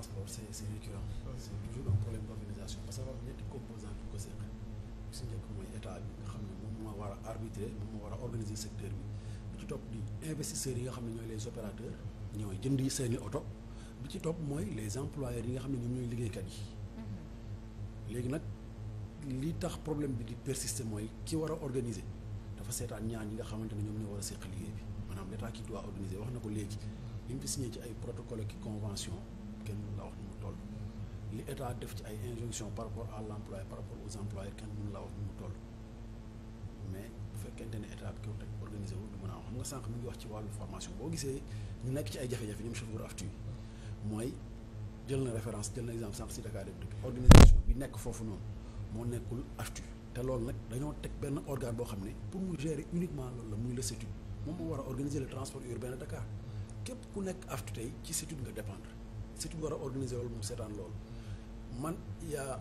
violence boobu c'est parce que dafa ñetti composant bi ko seq bi si njëkk mooy état bi nga xam ne moom moo war a arbitrer moom moo war a organiser secteur bi bi ci topp di investisseurs yi nga xam ne ñooy les opérateurs ñooy jënd yi seeni oto bi ci topp mooy les employeurs yi nga xam ne ñoom ñooy liggéeykat yi mm-hmm. léegi nag li tax problème bi di persister mooy ci war a organiser dafa seetaan ñaar ñi nga xamante ne ñoom ñoo war a seq liggéey bi maanaam l'état qui doit wax na ko léegi li mu fi signé ci ay protocole ak convention li état def ci ay injonction par rapport à l'emploi par rapport aux employeurs kenn mënu laa wax mu toll mais bu fekkente ne état bi ko teg organisé wu du mën a xam nga sànq mi ngi wax ci wàllu formation boo gisee ñu nekk ci ay jafe-jafe ñoom mooy jël na référence jël na exemple sànq si Dakar Dem Dikk organisation bi nekk foofu noonu moo nekkul aftu te loolu nag dañoo teg benn organe boo xam ne pour mu gérer uniquement loolu la muy la CETUD moom war a organiser le transport urbain de Dakar képp ku nekk aftu tey ci CETUD nga dépendre CETUD a organiser loolu moom seetaan loolu man il y a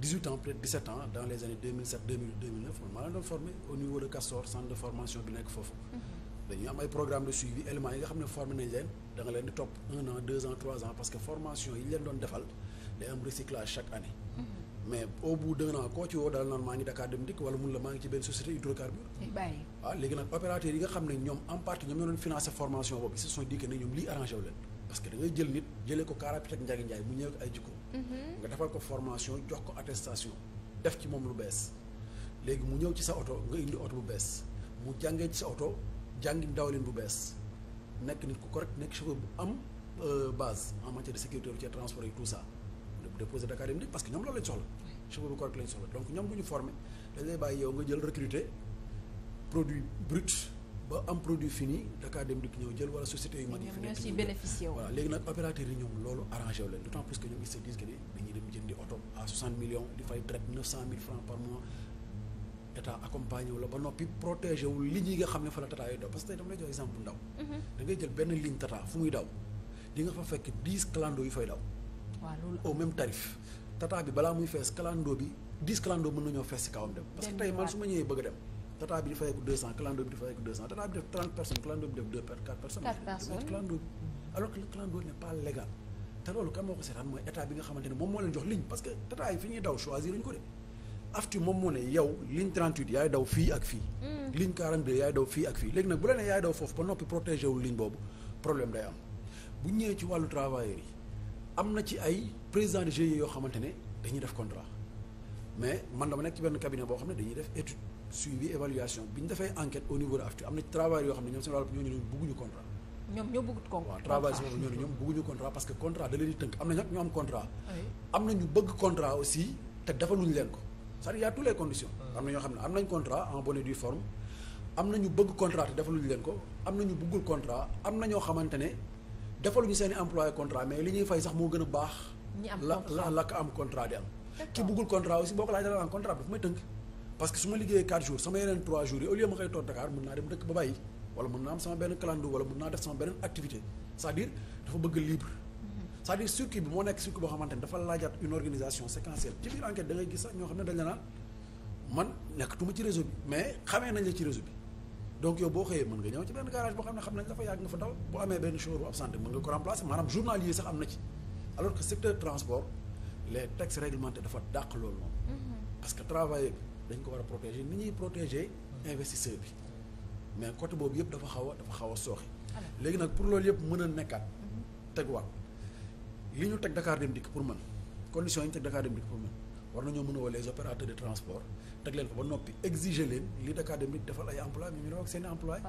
18 ans peut être 17 ans dans les années 2007 2008 2009 man maa leen doon formé au niveau de Castor centre de formation bi nekk foofu. Mhm. dañuy am ay programme de suivi éléments yi nga xam ne formé nañ leen da leen di topp un an trois ans parce que formation yi leen doon defal day am recyclage chaque année. Mhm. mais au bout d'un an koo ci woo dal naan maa ngi Dakar dem dikk wala mun la maa ngi ci benn société hydrocarbure. bàyyi ah, léegi Mm-hmm. nga defal ko formation jox ko attestation def ci moom lu bees léegi mu ñëw ci sa oto nga indi oto bu bees mu jàngee ci sa oto jàngi dawalin bu bees nekk nit ku correct nekk chauffeur bu am euh, base en matière de sécurité routière transport et tout ça déposer Dakar Dem Dikk parce que ñoom loolu lañ soxla chauffeur bu correct lañ soxla donc ñoom bu ñu formé dañ lay bàyyi yow nga jël recruter produit brut ba am produit fini Dakar dem dikk ñëw jël wala société yu mag yi fi nekk ci bénéficié voilà léegi nag opérateur yi ñoom loolu arrangé leen d'autant plus que ñoom ils se disent que ne dañuy francs par mois état accompagné wu ba noppi protégé wu ligne yi nga xam ne fa la tata yooyu daw parce que tey dama lay jox exemple ndaw mhm. da ngay jël benn ligne tata fu muy daw di nga fa fekk 10 clando yu fay daw waaw loolu tarif tata bi balaa muy fees clando bi 10 ma ñëwee bëgg a dem tata bi di fayeeku 200 clando bi di fayeeku 200 tata bi def 30 personnes clando bi def 2 per 4 personnes. 4 personnes clando alors que le légal te loolu kan moo ko seetaan mooy état bi nga xamante moom moo leen jox ligne parce que yi fi ñuy daw choisir ñu ko de aftu moom moo ne yow ligne 38 yaay daw fii ak fii. Hmm. ligne 42 yaay daw fii ak fii léegi nag bu la nee yaay daw foofu ba noppi protégé wul boobu problème am na ci ay yoo xamante ne dañuy def contrat. mais man dama nekk ci benn cabinet boo xam ne dañuy def étude suivi évaluation bi ñu defee enquête au niveau de AFTU am na travail yoo xam ne ñoom seen wàllu ñooñu ñoom ñoo bëggut aussi te defaluñu leen ko c'est-à-dire y hmm. am na ñoo xam ne am nañ contrat na ñu bëgg contrat te defaluñu leen ko am na ñu bëggul am na ñoo xamante ne defaluñu seen i employé mais li ñuy fay sax moo gën a baax. ñi la la la ko am contrat di am ki bëggul contrat aussi boo ko laajee dana contrat bi dafa may tënk parce que su ma liggéeyee 4 jours sama yeneen 3 jours yi au lieu ma koy toog Dakar mën naa dem dëkk ba bàyyi wala mën naa am sama benn calendrier wala mën naa def sama beneen activité c'est-à-dire dafa bëgg libre mhm. c'est-à-dire circuit bi moo nekk circuit boo xamante ne dafa laajaat une organisation séquentielle ci biir enquête da ngay gis sax ñoo xam ne dañ la naan man nekkatuma ci réseau bi mais xamee nañ la ci réseau bi donc yow boo xëyee mën nga ñëw ci benn garage boo xam ne xam nañ dafa yàgg nga fa dal bu amee benn chauffeur bu absenté mën nga ko remplacer maanaam journalier sax am na ci alors que secteur transport les textes réglementés dafa dàq loolu moom mm-hmm. parce que travailleur bi dañ ko war a protéger ni ñuy protéger investisseur bi mais côté boobu yëpp dafa xaw a dafa xaw a sooxe léegi nag pour loolu yëpp mën a nekkaat mm-hmm. tegwaat li ñu teg Dakar Dem Dikk pour man condition yi ñu teg Dakar Dem Dikk pour man war nañoo mën a woo les opérateurs de transport teg leen ko ba noppi exiger leen li Dakar Dem Dikk defal ay emploi mais ñu ne ak seen i emploi